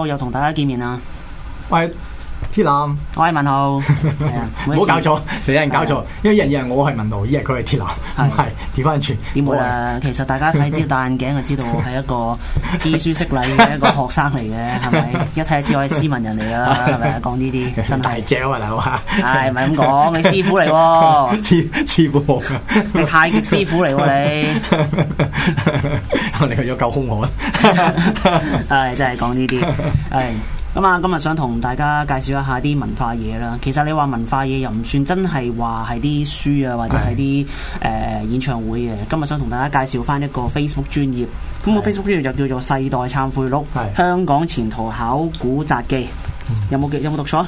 我又同大家見面啦。喂。鐵男，我係文豪，唔好搞錯，就有人搞錯，因為有人認為我係文豪，以為佢係鐵男，係調翻轉。點會，其實大家睇知戴眼鏡就知道我係一個知書識禮嘅一個學生嚟嘅，係咪？一睇知我係斯文人嚟啦，係咪？講呢啲真係。正啊大佬！係咪咁講？你師傅嚟？師師傅，你太極師傅嚟？你，你去咗教空手？唉，真係講呢啲，唉。咁啊，今日想同大家介紹一下啲文化嘢啦。其實你話文化嘢又唔算真係話係啲書啊，或者係啲誒演唱會嘅。的今日想同大家介紹翻一個 Facebook 專頁。咁個的 Facebook 專頁就叫做世代懺悔錄，的香港前途考古札記。有冇記？有冇讀錯？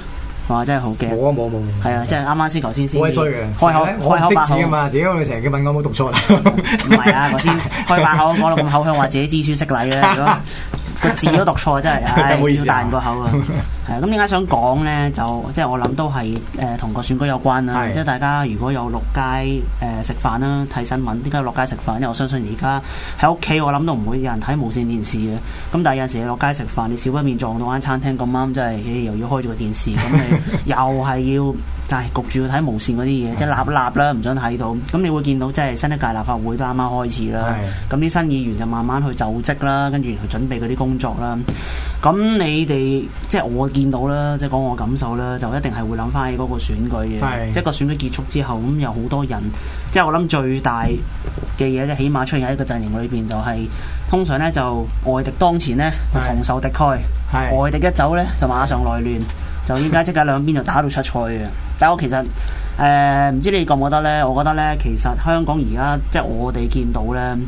哇、啊！真係好驚。冇啊冇冇。係啊，即係啱啱先頭先。先。鬼衰嘅，開口,開口我識字嘛，自己我成日叫問我冇讀錯咧？唔係 啊，我先開把口講到咁口香，話自己知書識禮啊。 字都讀錯，真係、哎、笑大個口啊！係咁， 點解想講咧？就即係、就是、我諗都係誒、同、呃、個選舉有關啦。即係 大家如果有落街誒、呃、食飯啦，睇新聞，點解落街食飯咧？我相信而家喺屋企，我諗都唔會有人睇無綫電視嘅。咁但係有陣時你落街食飯，你少不免撞到間餐廳咁啱，真、就、係、是、又要開咗個電視，咁 你又係要。係焗住要睇無線嗰啲嘢，是的 即係立立啦，唔想睇到。咁你會見到即係新一屆立法會都啱啱開始啦。咁啲是的 新議員就慢慢去就職啦，跟住去準備嗰啲工作啦。咁你哋即係我見到啦，即係講我感受啦，就一定係會諗翻起嗰個選舉嘅。是的 即係個選舉結束之後，咁有好多人，即係我諗最大嘅嘢，即起碼出現喺一個陣營裏邊，就係，就係通常呢，就外敵當前呢，就同仇敵愾，外敵一走呢，就馬上內亂。 就依家即刻兩邊就打到出賽嘅，但係我其實誒唔、呃、知你覺唔覺得呢？我覺得呢，其實香港而家即係我哋見到呢，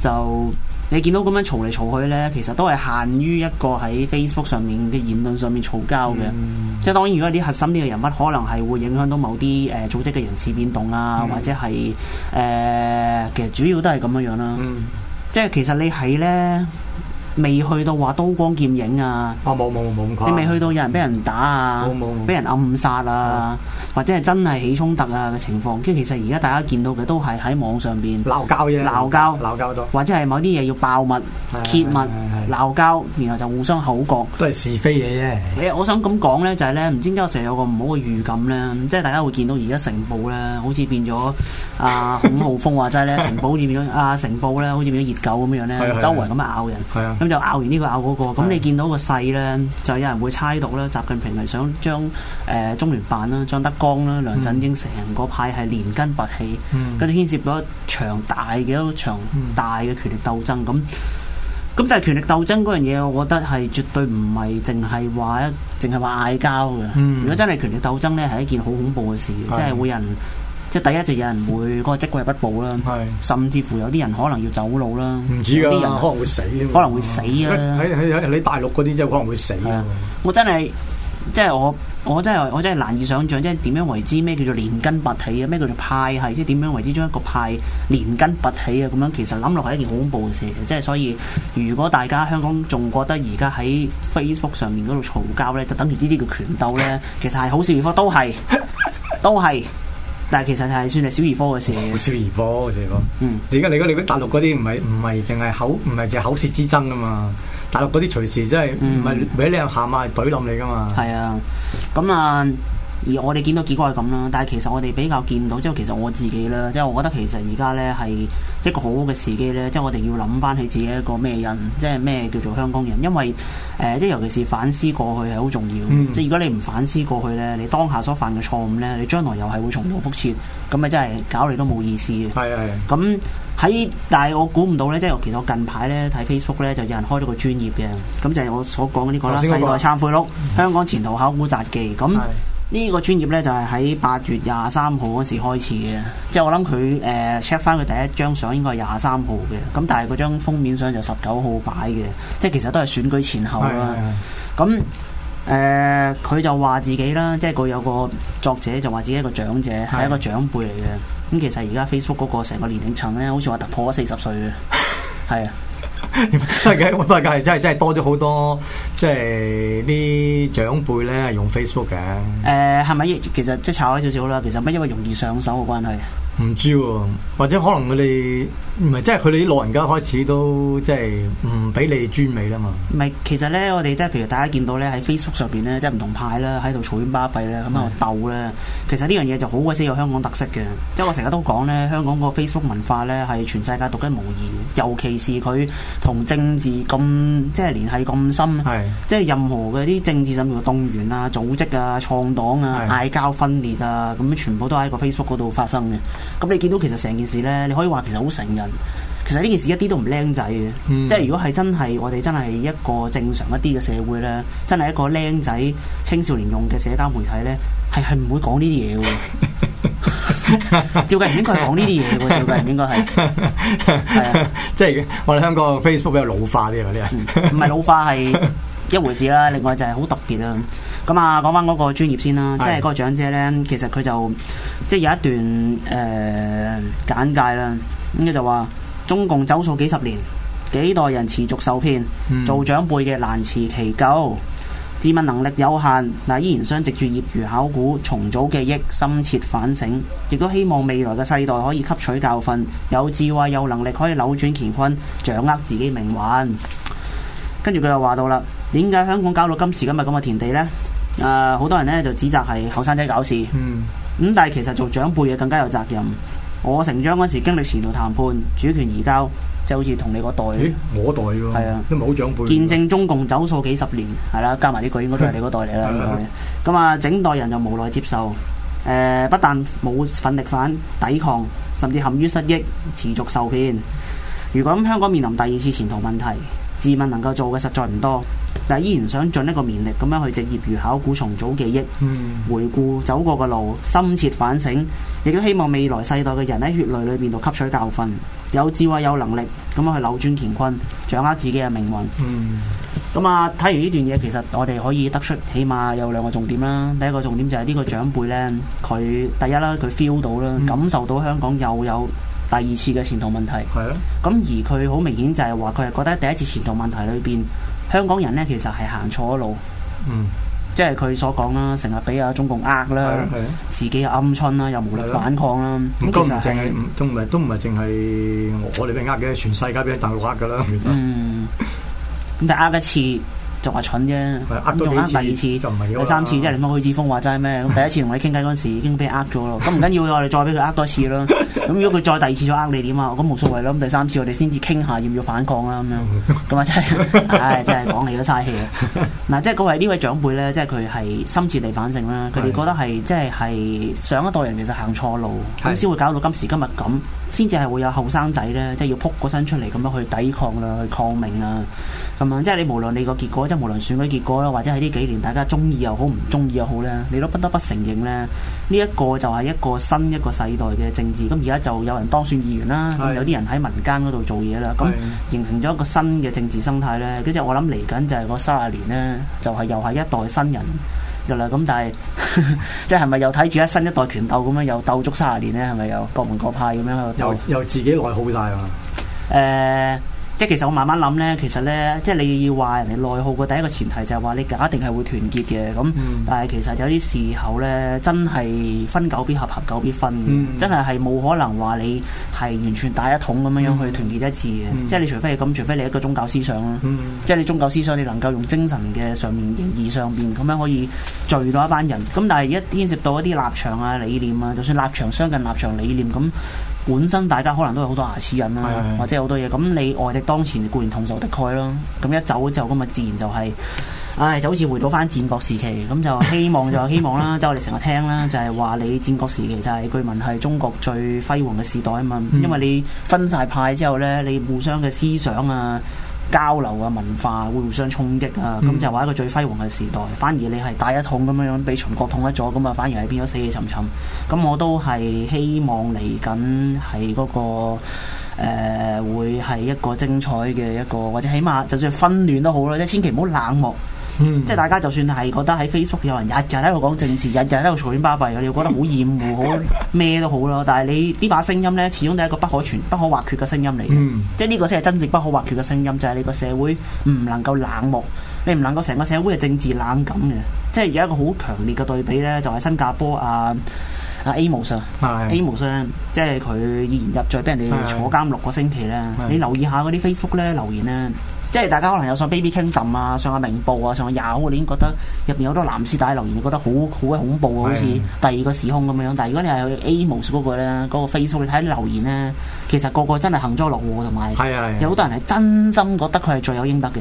就你見到咁樣嘈嚟嘈去呢，其實都係限於一個喺 Facebook 上面嘅言論上面嘈交嘅。嗯、即係當然，如果啲核心啲嘅人物，可能係會影響到某啲誒、呃、組織嘅人事變動啊，嗯、或者係誒、呃、其實主要都係咁樣樣、啊、啦。嗯、即係其實你喺呢。未去到話刀光劍影啊！冇冇冇咁講，你未去到有人俾人打啊，冇俾人暗殺啊，或者係真係起衝突啊嘅情況。跟住其實而家大家見到嘅都係喺網上邊鬧交嘅鬧交鬧交多，或者係某啲嘢要爆密揭密鬧交，然後就互相口角都係是非嘢啫。我想咁講咧，就係咧，唔知點解成日有個唔好嘅預感咧，即係大家會見到而家城邦咧，好似變咗啊孔誥烽話齋咧，城邦好似變咗啊城邦咧，好似變咗熱狗咁樣咧，周圍咁樣咬人係啊。就拗完呢個拗嗰、那個，咁是的 你見到個勢咧，就有人會猜度咧。習近平係想將誒、呃、中聯辦啦、張德江啦、梁振英成個派係連根拔起，是的 跟住牽涉咗一場大嘅一場大嘅權力鬥爭。咁咁但係權力鬥爭嗰樣嘢，我覺得係絕對唔係淨係話一淨係話嗌交嘅。是的 如果真係權力鬥爭咧，係一件好恐怖嘅事，即係會有人。即係第一就有人會嗰個職位不保啦，是甚至乎有啲人可能要走佬啦，唔知㗎、啊，啲人可能會死，可能會死啊！喺喺喺大陸嗰啲真係可能會死啊！真死啊，我真係即係我我真係我真係難以想像，即係點樣為之咩叫做連根拔起啊？咩叫做派系？即係點樣為之將一個派連根拔起啊？咁樣其實諗落係一件好恐怖嘅事，即係所以如果大家香港仲覺得而家喺 Facebook 上面嗰度嘈交咧，就等於呢啲叫拳鬥咧，其實係好事亦都係都係。都但係其實就係算係小兒科嘅事，哦，小兒科嘅事。嗯，而家你講你大陸嗰啲唔係唔係淨係口唔係淨係口舌之爭㗎嘛，大陸嗰啲隨時真係唔係俾你喊啊，懟冧、嗯、你噶嘛。係啊，咁啊。而我哋見到結果係咁啦，但係其實我哋比較見到，即係其實我自己啦，即係我覺得其實而家咧係一個好好嘅時機咧，即係我哋要諗翻起自己一個咩人，即係咩叫做香港人。因為誒，即、呃、係尤其是反思過去係好重要。嗯、即係如果你唔反思過去咧，你當下所犯嘅錯誤咧，你將來又係會重蹈覆轍，咁咪真係搞你都冇意思嘅。係係是的。咁喺，但係我估唔到咧，即係其實我近排咧睇 Facebook 咧，就有人開咗個專頁嘅，咁就係我所講呢啲個啦，世代懺悔錄，香港前途考古札記咁。呢個專業呢，就係喺八月廿三號嗰時開始嘅、就是呃，即係我諗佢誒 check 返佢第一張相應該係廿三號嘅，咁但係嗰張封面相就十九號擺嘅，即係其實都係選舉前後啦。咁誒的，佢、呃、就話自己啦，即係佢有個作者就話自己一個長者，係的一個長輩嚟嘅。咁、嗯、其實而家 Facebook 嗰個成個年齡層呢，好似話突破咗四十歲嘅，係 啊。都係我發覺係真係真係多咗好多，即係啲長輩咧係用 Facebook 嘅。誒、呃，係咪？其實即係炒咗少少啦。其實，因為容易上手嘅關係。唔知喎、啊，或者可能佢哋唔係，即係佢哋啲老人家開始都即係唔俾你專美啦嘛。唔係，其實咧，我哋即係譬如大家見到咧喺 Facebook 上邊咧，即係唔同派啦，喺度嘈冤巴閉啦，咁啊鬥啦。是其實呢樣嘢就好鬼死有香港特色嘅。即係我成日都講咧，香港個 Facebook 文化咧係全世界獨一無二，尤其是佢同政治咁即係聯繫咁深。係是即係任何嘅啲政治上面嘅動員啊、組織啊、創黨啊、嗌是交分裂啊，咁全部都喺個 Facebook 嗰度發生嘅。咁你見到其實成件事咧，你可以話其實好成人，其實呢件事一啲都唔僆仔嘅，嗯、即係如果係真係我哋真係一個正常一啲嘅社會咧，真係一個僆仔青少年用嘅社交媒體咧，係係唔會講呢啲嘢嘅。照計唔應該係講呢啲嘢嘅，照計唔應該係，係啊，即係我哋香港 Facebook 比較老化啲啊啲唔係老化係一回事啦，另外就係好特別啦。咁啊，講返嗰個專業先啦，的即係嗰個長者呢。其實佢就即係有一段誒、呃、簡介啦。咁佢就話中共走數幾十年，幾代人持續受騙，做長輩嘅難辭其咎。嗯、自問能力有限，但依然相藉住業餘考古重組記憶，深切反省，亦都希望未來嘅世代可以吸取教訓，有智慧有能力可以扭轉乾坤，掌握自己命運。跟住佢又話到啦，點解香港搞到今時今日咁嘅田地呢？誒，好多人咧，就指責係後生仔搞事，咁但係其實做長輩嘅更加有責任。我成長嗰時經歷前途談判、主權移交，就好似同你嗰代，我代㗎，因為好長輩見證中共走數幾十年，係啦，加埋呢句應該都係你嗰代嚟啦。咁啊，整代人就無奈接受，誒，不但冇奮力反抵抗，甚至陷於失憶，持續受騙。如果香港面臨第二次前途問題，自問能夠做嘅實在唔多。但依然想盡一個綿力咁樣去植業如考古重組記憶，嗯、回顧走過嘅路，深切反省，亦都希望未來世代嘅人喺血淚裏邊度吸取教訓，有智慧有能力咁去扭轉乾坤，掌握自己嘅命運。咁啊、嗯，睇完呢段嘢，其實我哋可以得出起碼有兩個重點啦。第一個重點就係呢個長輩呢，佢第一啦，佢 feel 到啦，嗯、感受到香港又有第二次嘅前途問題。係，咁而佢好明顯就係話，佢係覺得第一次前途問題裏邊。香港人咧，其實係行錯咗路，嗯、即係佢所講啦，成日俾啊中共呃啦，自己又鵪鶉啦，又無力反抗啦。咁都唔淨係，都唔係，都唔係淨係我哋俾呃嘅，全世界俾大陸呃㗎啦，其實、嗯。咁但呃一次。話蠢啫，咁仲呃第二次、第三次，啊、即係你諗許志峰話齋咩？咁第一次同你傾偈嗰陣時 已經俾人呃咗咯，咁唔緊要，我哋再俾佢呃多次咯。咁 如果佢再第二次再呃你點啊？咁冇所謂咯。咁第三次我哋先至傾下，要唔要反抗、 哎、 啊？咁樣咁啊真係，唉真係講起都嘥氣啊！嗱，即係各位，呢位長輩咧，即係佢係深切地反省啦，佢哋 覺得係即係係上一代人其實行錯路，咁先 會搞到今時今日咁，先至係會有後生仔咧，即係要撲個身出嚟咁樣去抵抗啦，去抗命啊！咁樣，即係你無論你個結果，即係無論選舉結果啦，或者喺呢幾年大家中意又好，唔中意又好咧，你都不得不承認咧，呢、這、一個就係一個新一個世代嘅政治。咁而家就有人當選議員啦，是有啲人喺民間嗰度做嘢啦，咁形成咗一個新嘅政治生態咧。咁是即我諗嚟緊就係嗰三十年咧，就係、是、又係一代新人嘅啦。咁就係、是、 即係係咪又睇住一新一代拳鬥咁樣，又鬥足三十年咧？係咪又各門各派咁樣又？又 自己內耗晒。啊、呃！誒～即係其實我慢慢諗咧，其實咧，即係你要話人哋內耗嘅第一個前提就係、是、話你假定係會團結嘅，咁、嗯，但係其實有啲時候咧，真係分久必合，合久必分，嗯、真係係冇可能話你係完全大一統咁樣樣去團結一致嘅。嗯、即係你除非係咁，除非你一個宗教思想咯，嗯、即係你宗教思想，你能夠用精神嘅上面、形而上邊咁樣可以聚到一班人。咁但係一牽涉到一啲立場啊、理念啊，就算立場相近、立場理念咁。本身大家可能都有好多牙齒印啦， 或者好多嘢，咁你外敵當前固然同仇敵愾咯，咁一走之後咁咪自然就係、是，唉、哎、就好似回到翻戰國時期，咁就希望就希望啦，即係 我哋成日聽啦，就係、是、話你戰國時期就係、是、據聞係中國最輝煌嘅時代啊嘛，因為你分晒派之後呢，你互相嘅思想啊。交流啊，文化會互相衝擊、嗯、啊，咁就話、是、一個最輝煌嘅時代。反而你係大一統咁樣樣俾秦國統一咗，咁啊反而係變咗死氣沉沉。咁我都係希望嚟緊係嗰個誒、呃，會係一個精彩嘅一個或者起碼就算分亂都好啦，即千祈唔好冷漠。嗯、即係大家就算係覺得喺 Facebook 有人日日喺度講政治，日日喺度嘈喧巴閉，你會覺得好厭惡，好咩都好咯。但係你呢把聲音咧，始終都係一個不可傳、不可或缺嘅聲音嚟嘅。嗯、即係呢個先係真正不可或缺嘅聲音，就係、是、你個社會唔能夠冷漠，你唔能夠成個社會嘅政治冷感嘅。即係有一個好強烈嘅對比咧，就係、是、新加坡啊啊，啊 Amos, 的 Amos，即係佢入罪俾人哋坐監六個星期啦。你留意下嗰啲 Facebook 咧留言啦。即係大家可能有上 Baby Kingdom 啊，上下明報啊，上下有啊，你已經覺得入邊好多藍絲帶留言，你覺得好好鬼恐怖啊，的好似第二個時空咁樣。但係如果你係去 AMOS 嗰個咧，嗰、那個、Facebook，你睇留言咧，其實個個真係幸災樂禍，同埋有好的多人係真心覺得佢係罪有應得嘅。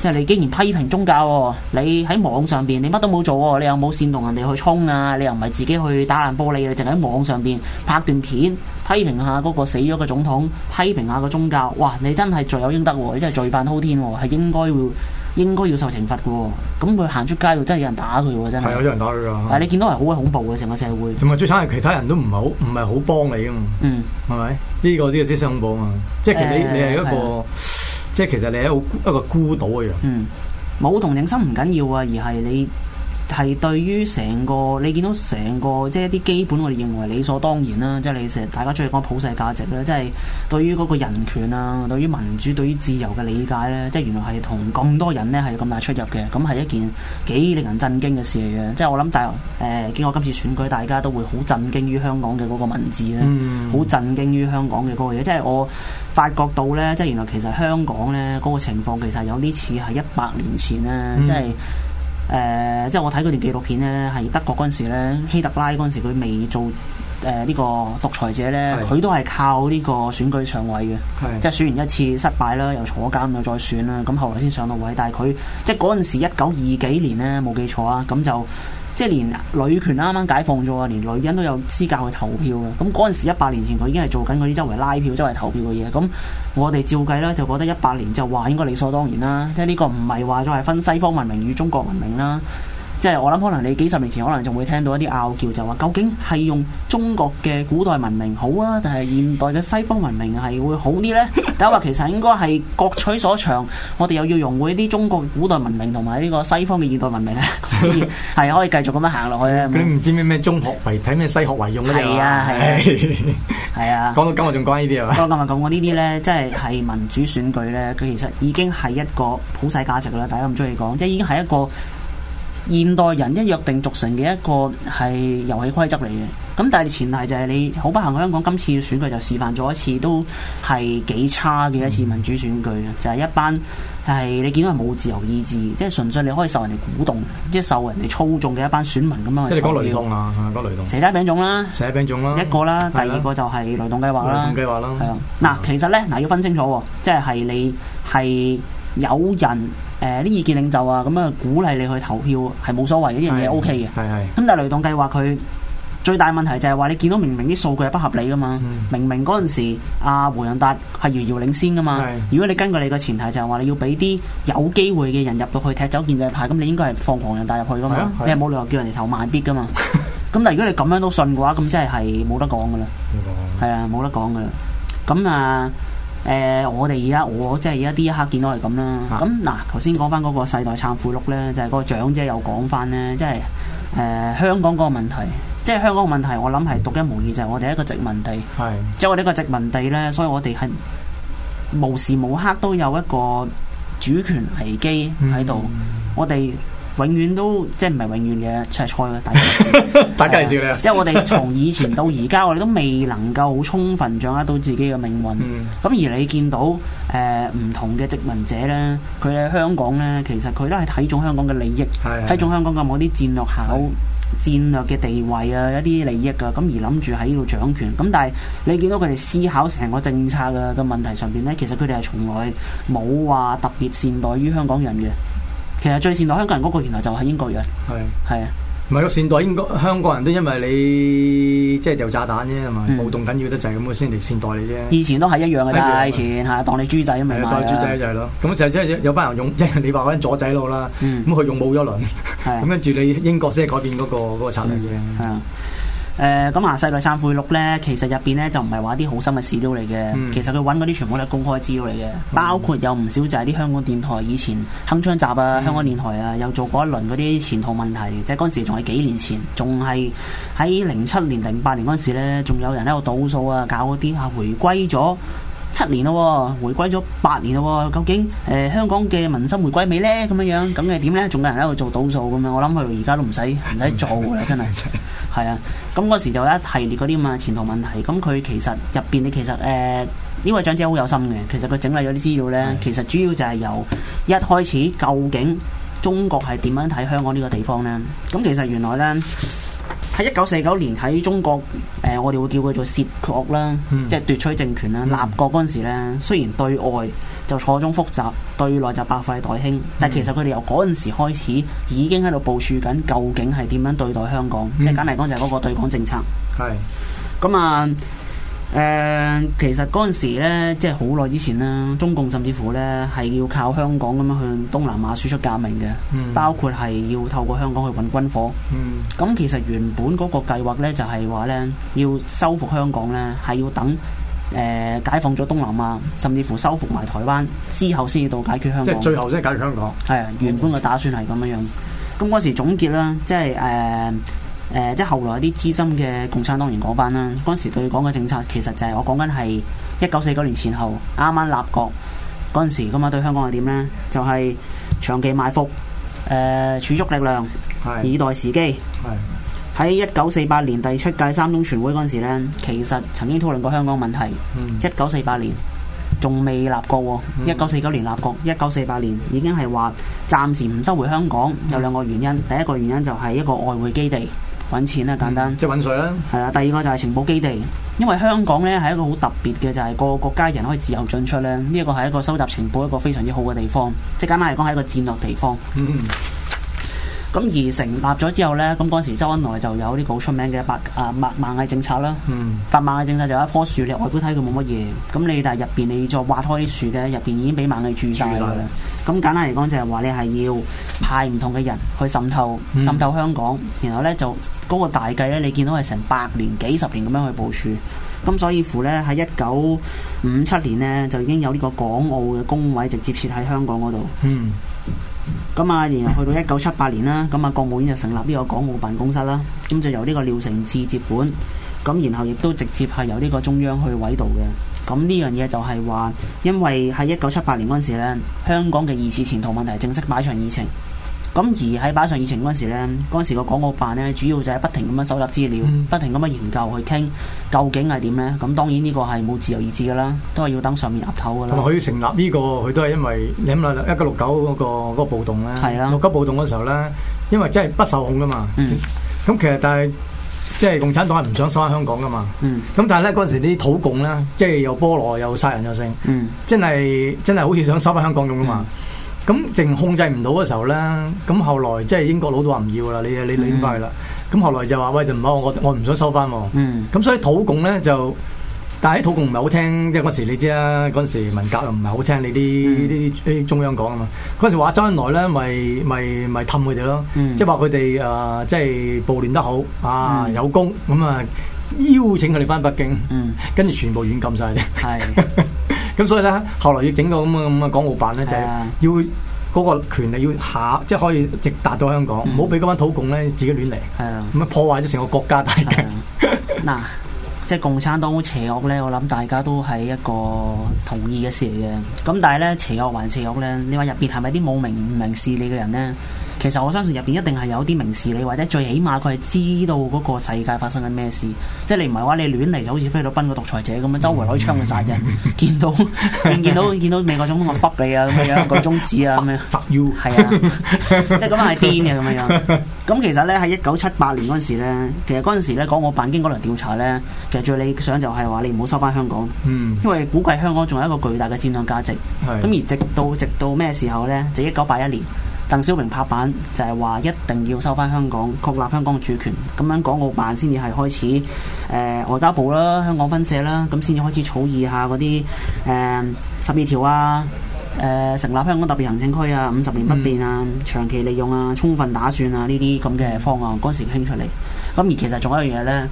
即係的你竟然批評宗教、哦，你喺網上邊你乜都冇做，你又冇煽動人哋去衝啊，你又唔係自己去打爛玻璃，你淨係喺網上邊拍段片。批評下嗰個死咗嘅總統，批評下個宗教，哇！你真係罪有應得喎，你真係罪犯滔天喎，係應該會應該要受懲罰嘅。咁佢行出街度真係有人打佢喎，真係。係有人打佢噶。但係你見到係好鬼恐怖嘅成個社會。同埋最慘係其他人都唔係好唔係好幫你嘅。嗯，係咪？呢個呢個先傷到啊嘛。即係其實你你係一個、嗯、即係其實你係好一,一個孤島嘅人。嗯，冇同情心唔緊要啊，而係你。係對於成個你見到成個即係一啲基本，我哋認為理所當然啦，即係你成日大家出去講普世價值啦，即係對於嗰個人權啊，對於民主、對於自由嘅理解咧，即係原來係同咁多人咧係咁大出入嘅，咁係一件幾令人震驚嘅事嚟嘅。即係我諗，但係誒、呃，經過今次選舉，大家都會好震驚於香港嘅嗰個文字咧，好、嗯、震驚於香港嘅嗰個嘢。即係我發覺到咧，即係原來其實香港咧嗰、那個情況其實有啲似係一百年前咧，即係、嗯。誒、呃，即係我睇嗰段紀錄片呢，係德國嗰陣時咧，希特拉嗰陣時佢未做誒呢、呃呢個獨裁者呢，佢的都係靠呢個選舉上位嘅，的即係選完一次失敗啦，又坐監又再選啦，咁後來先上到位。但係佢即係嗰陣時一九二幾年呢，冇記錯啊，咁就。即係連女權啱啱解放咗啊，連女人都有資格去投票嘅。咁嗰陣時一百年前佢已經係做緊嗰啲周圍拉票、周圍投票嘅嘢。咁我哋照計咧，就覺得一百年之後話應該理所當然啦。即係呢個唔係話就係分西方文明與中國文明啦。即係我諗，可能你幾十年前可能仲會聽到一啲拗撬，就話究竟係用中國嘅古代文明好啊，定係現代嘅西方文明係會好啲呢？大家話其實應該係各取所長，我哋又要融會一啲中國古代文明同埋呢個西方嘅現代文明咧，係 可以繼續咁樣行落去咧。佢唔 知咩咩中學為體咩西學為用咧？係啊，係啊，講到今日仲講呢啲係嘛？講今日講過呢啲咧，即係係民主選舉咧，佢其實已經係一個普世價值啦。大家咁中意講，即係已經係一個。現代人一約定俗成嘅一個係遊戲規則嚟嘅，咁但係前提就係你好不幸，香港今次選舉就示範咗一次都係幾差嘅一次民主選舉，嗯、就係一班係你見到係冇自由意志，即係純粹你可以受人哋鼓動，即係受人哋操縱嘅一班選民咁樣。即係嗰個雷動啊，講、嗯嗰個、雷動，蛇齋餅糭啦、啊，蛇齋餅糭啦、啊，一個啦，嗯、第二個就係雷動計劃啦，雷動計劃啦。係啊，嗱，其實咧，嗱要分清楚喎，即係你係。有人誒啲意見領袖啊，咁樣鼓勵你去投票係冇所謂呢樣嘢 O K 嘅。咁但係雷動計劃佢最大問題就係、是、話你見到明明啲數據係不合理噶嘛、啊，明明嗰陣時阿、uh, 胡潤達係遙遙領先噶嘛。啊啊、如果根你根據你個前提就係、是、話你要俾啲有機會嘅人入到去踢走建制派，咁你應該係放胡潤達入去噶嘛，你係冇理由叫人哋投萬必噶嘛。咁但係如果你咁樣都信嘅話，咁真係係冇得講噶啦。係啊，冇得講噶啦。咁、 um、啊。誒、呃，我哋而家我即係而家呢一刻見到係咁啦。咁嗱、啊，頭先講翻嗰個世代撐富碌世代懺悔錄咧，就係、是、嗰個長者又講翻咧，即係誒、呃、香港個問題。即係香港個問題，我諗係獨一無二，就係我哋一個殖民地。是即係我哋一個殖民地咧，所以我哋係無時無刻都有一個主權危機喺度。嗯、我哋。永遠都即係唔係永遠嘅赤菜嘅大件事，大件事呢。即係我哋從以前到而家，我哋都未能夠好充分掌握到自己嘅命運。咁、嗯、而你見到誒唔、呃、同嘅殖民者呢，佢喺香港呢，其實佢都係睇中香港嘅利益，睇中的香港嘅某啲戰略口、的戰略嘅地位啊，一啲利益噶、啊。咁而諗住喺呢度掌權。咁但係你見到佢哋思考成個政策嘅嘅問題上邊呢，其實佢哋係從來冇話特別善待於香港人嘅。其實最善待香港人嗰個，原來就係英國人。係係啊，唔係咯？善待英國香港人都因為你即係掉炸彈啫，係嘛、嗯，冇動緊要得滯咁，佢先嚟善待你啫。以前都係一樣嘅，的以前吓、啊、當你豬仔咪嘛。當豬仔就係咯，咁就即係有班人用，即係你話嗰啲左仔佬啦。咁佢、嗯、用冇咗輪，咁跟住你英國先係改變嗰、嗰個嗰、嗰個策略啫。嗯誒咁啊，世代懺悔錄咧，嗯、其實入邊咧就唔係話啲好深嘅史料嚟嘅，其實佢揾嗰啲全部都係公開資料嚟嘅，包括有唔少就係啲香港電台以前鏗鏘集啊，嗯、香港電台啊，又做過一輪嗰啲前途問題，即係嗰陣時仲係幾年前，仲係喺零七年定八年嗰陣時咧，仲有人喺度倒數啊，搞嗰啲啊，回歸咗。七年咯，回歸咗八年咯，究竟誒、呃、香港嘅民心回歸未呢？咁樣樣咁又點呢？仲有人喺度做倒數咁樣？我諗佢而家都唔使唔使做啦，真係係 啊！咁嗰時就有一系列嗰啲嘛前途問題。咁佢其實入邊，你其實誒呢位長者好有心嘅。其實佢、呃、整理咗啲資料呢，是的 其實主要就係由一開始究竟中國係點樣睇香港呢個地方呢？咁其實原來呢。喺一九四九年喺中國誒、呃，我哋會叫佢做竊國啦，嗯、即係奪取政權啦、嗯、立國嗰陣時咧。雖然對外就錯綜複雜，對內就百廢待興，嗯、但其實佢哋由嗰陣時開始已經喺度部署緊，究竟係點樣對待香港？嗯、即係簡嚟講，就係嗰個對港政策。係咁是啊！誒，uh, 其實嗰陣時咧，即係好耐之前啦，中共甚至乎咧係要靠香港咁樣向東南亞輸出革命嘅，mm. 包括係要透過香港去揾軍火。咁、mm. 其實原本嗰個計劃咧，就係話咧要收復香港咧，係要等誒、呃、解放咗東南亞，甚至乎收復埋台灣之後，先至到解決香港。即係最後先解決香港。係啊，原本嘅打算係咁樣樣。咁嗰陣時總結啦，即係誒。Uh, 誒、呃，即係後來啲資深嘅共產黨員講翻啦。嗰陣時對港嘅政策，其實就係我講緊係一九四九年前後啱啱立國嗰陣時噶嘛。對香港係點呢？就係、是、長期埋伏，誒儲蓄力量，以待時機。喺一九四八年第七屆三中全會嗰陣時咧，其實曾經討論過香港問題。一九四八年仲未立國喎，一九四九年立國，一九四八年已經係話暫時唔收回香港。有兩個原因，嗯、第一個原因就係一個外匯基地。揾錢啦，簡單、嗯。即係揾水啦。係啊。第二個就係情報基地，因為香港呢係一個好特別嘅，就係、是、個國家人可以自由進出呢。呢一個係一個收集情報一個非常之好嘅地方，即係簡單嚟講係一個戰略地方。嗯。咁而成立咗之後呢，咁嗰陣時周恩來就有啲好出名嘅白啊白蟻政策啦。白蟻政策就有一樖樹，你外觀睇佢冇乜嘢，咁你但係入邊你再挖開啲樹咧，入邊已經俾白蟻住晒噶啦。咁簡單嚟講，就係話你係要派唔同嘅人去滲透、嗯、滲透香港，然後呢，就嗰個大計咧，你見到係成百年幾十年咁樣去部署。咁所以乎呢，喺一九五七年呢，就已經有呢個港澳嘅工委直接設喺香港嗰度。嗯。咁啊，然後去到一九七八年啦，咁啊，國務院就成立呢個港澳辦公室啦，咁就由呢個廖承志接管，咁然後亦都直接係由呢個中央去委導嘅。咁呢樣嘢就係話，因為喺一九七八年嗰陣時呢，香港嘅二次前途問題正式擺上議程。咁而喺擺上疫情嗰時咧，嗰時個港澳辦咧，主要就係不停咁樣搜集資料，嗯、不停咁樣研究去傾究竟係點咧。咁當然呢個係冇自由意志噶啦，都係要等上面岌頭噶啦。佢要成立呢、呢個，佢都係因為你諗下、嗰個，一九六九嗰個嗰個暴動咧，六九、啊、暴動嗰時候咧，因為真係不受控噶嘛。咁、嗯、其實但係即係共產黨係唔想收翻香港噶嘛。咁、嗯、但係咧嗰陣時啲土共咧，即係又菠蘿又殺人又勝，嗯、真係真係好似想收翻香港咁嘛。嗯。咁淨控制唔到嘅時候咧，咁後來即係英國佬都話唔要啦，你你領翻去啦。咁後來就話喂，就唔好，我我唔想收翻喎。嗯。咁所以土共咧就，但係土共唔係好聽，即係嗰時你知啦，嗰時文革又唔係好聽你啲啲中央講啊嘛。嗰陣時話周恩來咧，咪咪咪氹佢哋咯，即係話佢哋誒即係暴亂得好啊有功，咁啊邀請佢哋翻北京，跟住全部軟禁曬。係。咁所以咧，後來要整個咁嘅咁嘅港澳辦咧，的就係要嗰個權力要下，即係可以直達到香港，唔好俾嗰班土共咧自己亂嚟。係啊的，咁啊破壞咗成個國家大計。嗱的， 即係共產黨好邪惡咧，我諗大家都係一個同意嘅事嚟嘅。咁但係咧，邪惡還邪惡咧，你話入邊係咪啲冇明唔明事理嘅人咧？其實我相信入邊一定係有啲明事理，或者最起碼佢係知道嗰個世界發生緊咩事。即係你唔係話你亂嚟就好似菲律賓個獨裁者咁樣，嗯、周圍攞槍去殺人，嗯，見到見到見到美國總統個揮你啊咁樣個中指啊咁樣。揮你係啊！ 即係咁樣係癲嘅咁 樣。咁其實呢，喺一九七八年嗰陣時呢，其實嗰陣時呢講我辦經嗰輪調查呢，其實最理想就係話你唔好收翻香港。嗯、因為估計香港仲有一個巨大嘅戰略價值。係的。咁而直到直到咩時候呢？就一九八一年。鄧小平拍板就係、是、話一定要收翻香港，確立香港主權。咁樣港澳辦先至係開始，誒、呃、外交部啦，香港分社啦，咁先至開始草擬下嗰啲誒《十、呃、二條》啊，誒、呃、成立香港特別行政區啊，五十年不變啊，嗯、長期利用啊，充分打算啊，呢啲咁嘅方案嗰時興出嚟。咁、嗯、而其實仲有一樣嘢呢，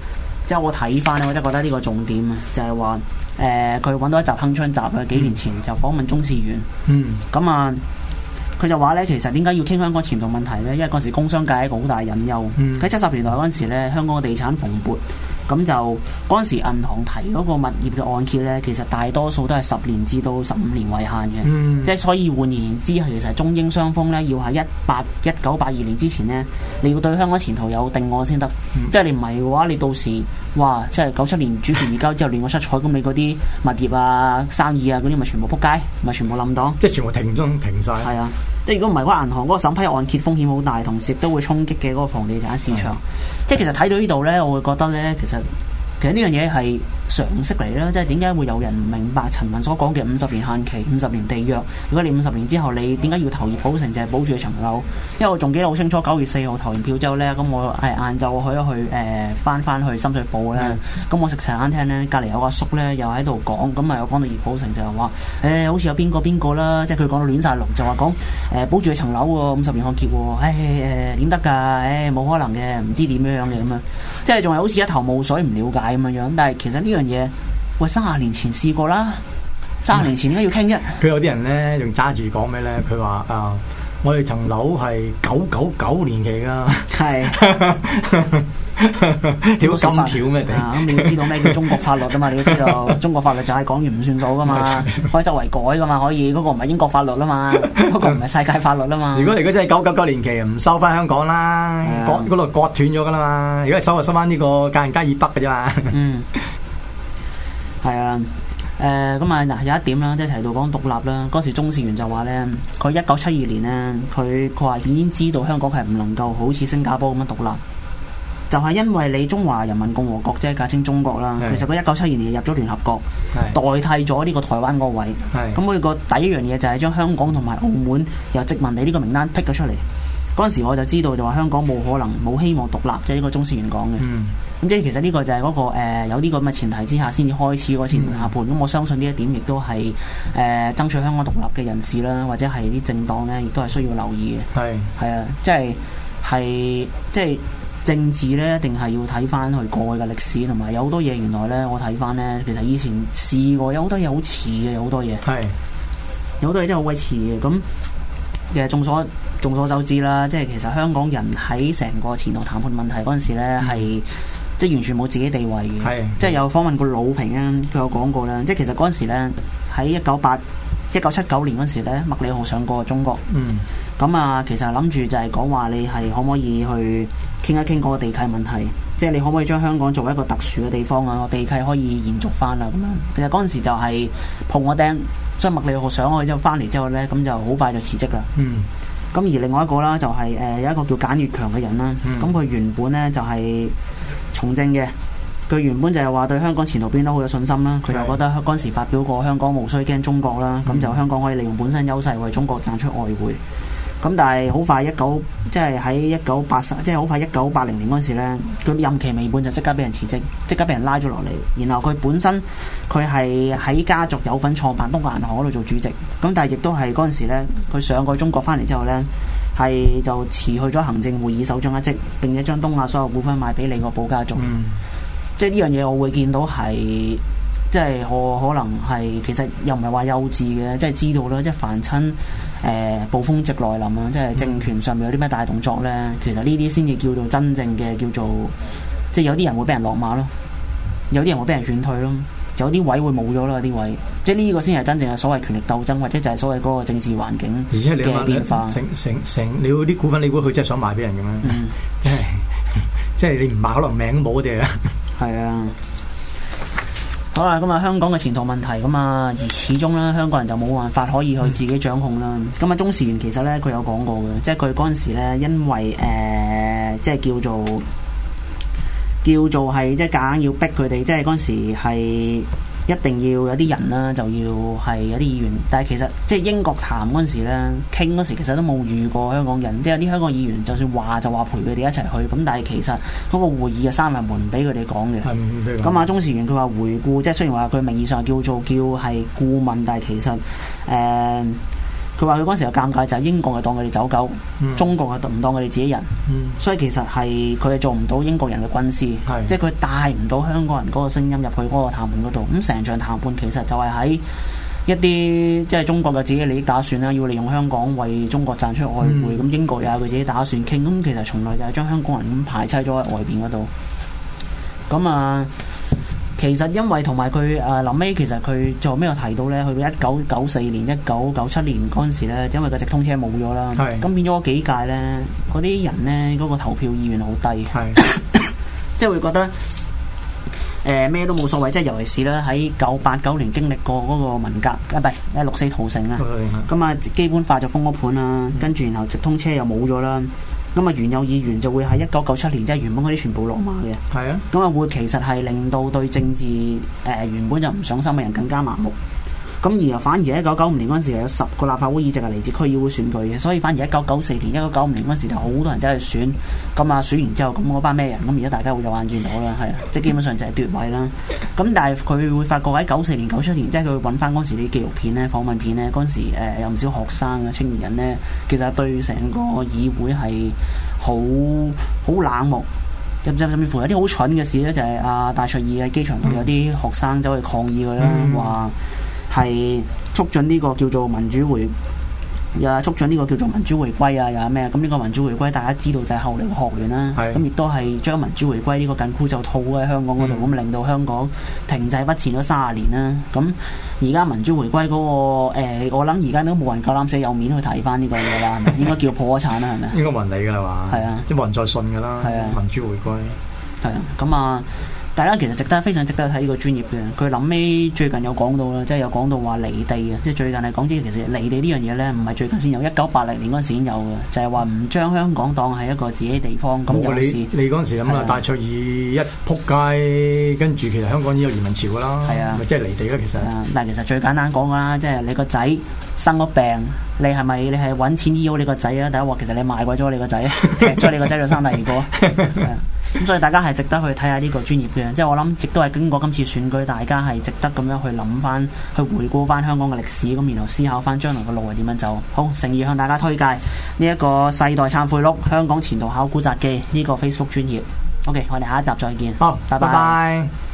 即、就、係、是、我睇翻咧，我真係覺得呢個重點啊，就係話誒佢揾到一集《鏗鏘集》啊，幾年前就訪問鍾士元。嗯。咁啊、嗯。嗯佢就話咧，其實點解要傾香港前途問題咧？因為嗰時工商界一個好大隱憂，喺七十年代嗰陣時咧，香港嘅地產蓬勃。咁就嗰陣時銀行提嗰個物業嘅按揭咧，其實大多數都係十年至到十五年為限嘅，嗯、即係所以換言之，其實中英雙方咧要喺一八一九八二年之前咧，你要對香港前途有定案先得，嗯、即係你唔係嘅話，你到時哇，即係九七年主權移交之後，亂我出彩，咁你嗰啲物業啊、生意啊嗰啲咪全部撲街，咪全部冧檔，即係全部停中停曬。即係如果唔係嗰個銀行嗰個審批按揭風險好大，同時都會衝擊嘅嗰個房地產市場。的即係其實睇到呢度咧，我會覺得咧，其實其實呢樣嘢係常識嚟啦，即係點解會有人唔明白陳文所講嘅五十年限期、五十年地約？如果你五十年之後你點解要投葉寶成，就係、是、保住層樓？因為我仲記得好清楚，九月四號投完票之後咧，咁、嗯、我係晏晝去一去誒，翻、呃、翻去深水埗咧，咁我食茶餐廳咧，隔離有個阿叔咧，又喺度講，咁咪又講到葉寶成就係話誒，好似有邊個邊個啦，即係佢講到亂晒龍，就話講誒保住層樓喎，五十年按揭喎，唉點得㗎？唉、哎，冇、哎哎可，哎、可能嘅，唔知點樣嘅咁啊！即係仲係好似一頭霧水，唔了解咁樣樣，但係其實呢樣嘢，喂，三十年前試過啦，嗯、三十年前點解要傾啫？佢有啲人咧，仲揸住講咩咧？佢話啊，我哋層樓係九九九年期噶，係 是。 條 金條咩？咁你要知道咩叫中國法律啊嘛？你要知道中國法律就係講完唔算數噶嘛，可以周圍改噶嘛，可以。嗰、嗰個唔係英國法律啊嘛，嗰個唔係世界法律啊，啊嘛。如果如果真係九九九年期唔收翻香港啦，嗰度割斷咗噶啦嘛。如果係收就收翻呢個加爾加爾北噶啫嘛。嗯，係啊。誒，咁、呃、啊嗱，有一點啦，即係提到講獨立啦。嗰時鍾士元就話咧，佢一九七二年咧，佢佢話已經知道香港係唔能夠好似新加坡咁樣獨立。就係因為你中華人民共和國即係，假稱中國啦。其實佢一九七二年入咗聯合國，代替咗呢個台灣個位。咁佢個第一樣嘢就係將香港同埋澳門由殖民地呢個名單剔咗出嚟。嗰陣時我就知道就話香港冇可能，冇希望獨立，即係呢個鍾士元講嘅。咁即係其實呢個就係嗰、那個、呃、有呢個咁嘅前提之下先至開始嗰個前下盤。咁我相信呢一點亦都係誒爭取香港獨立嘅人士啦，或者係啲政黨咧，亦都係需要留意嘅。係，係啊，即係係即係。就是政治呢，一定係要睇翻佢過去嘅歷史，同埋有好多嘢。原來呢，我睇翻呢，其實以前試過有好多嘢好似嘅，有好多嘢。係有好多嘢是真係好鬼似嘅。咁其實眾所眾所周知啦，即係其實香港人喺成個前途談判問題嗰陣時呢，係即係完全冇自己地位嘅。是即係有訪問過魯平呢，佢有講過啦。即係其實嗰陣時呢，喺一九八。一九七九年嗰時咧，麥理浩上過中國，咁啊、嗯，其實諗住就係講話你係可唔可以去傾一傾嗰個地契問題，即、就、係、是、你可唔可以將香港作為一個特殊嘅地方啊？個地契可以延續翻啊咁樣。其實嗰陣時就係碰個釘，即係麥理浩上去之後，翻嚟之後咧，咁就好快就辭職啦。咁、嗯、而另外一個啦、就是，就係誒有一個叫簡悅強嘅人啦，咁佢、嗯、原本咧就係從政嘅。佢原本就係話對香港前途變得好有信心啦。佢又覺得嗰陣時發表過香港無需驚中國啦，咁就香港可以利用本身優勢為中國賺出外匯。咁但係好快一九即係喺一九八十，即係好快一九八零年嗰陣時呢，佢任期未滿就即刻俾人辭職，即刻俾人拉咗落嚟。然後佢本身佢係喺家族有份創辦東亞銀行嗰度做主席，咁但係亦都係嗰陣時呢，佢上過中國翻嚟之後呢，係就辭去咗行政會議手中一職，並且將東亞所有股份賣俾李國寶家族。嗯即係呢樣嘢，我會見到係，即係我可能係其實又唔係話幼稚嘅，即係知道啦。即係凡親誒、呃、暴風直來臨啊，即係政權上面有啲咩大動作咧，其實呢啲先至叫做真正嘅叫做，即係有啲人會俾人落馬咯，有啲人會俾人勸退咯，有啲位會冇咗啦啲位，即係呢個先係真正嘅所謂權力鬥爭，或者就係所謂嗰個政治環境嘅變化。成成成，你嗰啲股份，你估佢真係想賣俾人嘅咩？真係、嗯， 即係你唔賣，可能名都冇嘅。係啊，好啊，咁、嗯、啊香港嘅前途問題咁啊，而始終咧香港人就冇辦法可以去自己掌控啦。咁啊、嗯嗯，鍾士元其實咧佢有講過嘅，即係佢嗰陣時咧，因為誒、呃，即係叫做叫做係即係夾硬要逼佢哋，即係嗰陣時係。一定要有啲人啦、啊，就要係有啲議員，但係其實即係英國談嗰陣時咧，傾嗰時其實都冇遇過香港人，即係有啲香港議員，就算話就話陪佢哋一齊去，咁但係其實嗰個會議啊，三閂門唔俾佢哋講嘅，咁啊中事員佢話回顧，即係雖然話佢名義上叫做叫係顧問，但係其實誒。Uh, 佢話佢嗰陣時又尷尬，就係英國係當佢哋走狗，mm. 中國係唔當佢哋自己人，mm. 所以其實係佢係做唔到英國人嘅軍師，mm. 即係佢帶唔到香港人嗰個聲音入去嗰個談判嗰度。咁成場談判其實就係喺一啲即係中國嘅自己利益打算啦，要利用香港為中國賺出外匯。咁、mm. 英國又有佢自己打算傾，咁、嗯、其實從來就係將香港人咁排擠咗喺外邊嗰度。咁啊～其實因為同埋佢啊，臨尾其實佢最後尾又提到咧，去到一九九四年、一九九七年嗰陣時咧，因為個直通車冇咗啦，咁的變咗幾屆咧，嗰啲人咧嗰、那個投票意願好低，的 即係會覺得誒咩、呃、都冇所謂，即係尤其是咧喺九八九年經歷過嗰個文革啊，唔係六四屠城啊，咁啊的基本法就封咗盤啦，嗯、跟住然後直通車又冇咗啦。咁啊，原有議員就會喺一九九七年即係，就是、原本嗰啲全部落馬嘅，咁是啊會其實係令到對政治誒、呃、原本就唔上心嘅人更加麻木。嗯。咁而又反而一九九五年嗰陣時有十個立法會議席係嚟自區議會選舉嘅，所以反而一九九四年、一九九五年嗰陣時就好多人走去選咁啊！選完之後咁嗰班咩人？咁而家大家會有眼見到啦，係啊！即係基本上就係奪位啦。咁但係佢會發覺喺九四年、九七年，即係佢揾翻嗰時啲紀錄片咧、訪問片咧，嗰陣時、呃、有唔少學生嘅青年人咧，其實對成個議會係好好冷漠。甚至乎有啲好蠢嘅事咧，就係阿戴卓爾喺機場度有啲學生走去抗議佢啦，話，嗯嗯係促進呢個叫做民主回啊，促進呢個叫做民主回歸啊，又係咩咁？呢個民主回歸大家知道就係後嚟嘅學員啦，咁亦是、啊、都係將民主回歸呢個緊箍咒套喺香港嗰度，咁、嗯、令到香港停滯不前咗三十年啦、啊。咁而家民主回歸嗰、那個、欸、我諗而家都冇人夠膽寫有面去睇翻呢個嘢啦， 應該叫破產啦，係咪是、啊？應該冇人理㗎啦嘛，係啊，都冇人再信㗎啦，民主回歸係啊，咁啊。大家其實值得非常值得睇呢個專業嘅，佢諗起最近有講到啦，即係有講到話離地呀，即係最近係講啲其實離地呢樣嘢咧，唔係最近先有，嗯、一九八零年嗰陣時已經有嘅，就係話唔將香港當係一個自己地方咁有事。你你嗰陣時咁啊，戴卓爾一仆街，跟住其實香港已經有移民潮噶啦，係啊，咪即係離地啦。其實、啊，嗱，其實最簡單講啦，嗯、即係你個仔生咗病，你係咪你係揾錢醫好你個仔啊？第一鑊其實你賣鬼咗你個仔，踢咗你個仔再生第二個。咁所以大家係值得去睇下呢個專頁嘅，即係我諗亦都係經過今次選舉，大家係值得咁樣去諗翻、去回顧翻香港嘅歷史，咁然後思考翻將來嘅路係點樣走。好，誠意向大家推介呢一個世代懺悔錄、香港前途考古札記呢個 Facebook 專頁。OK，我哋下一集再見。好，拜拜。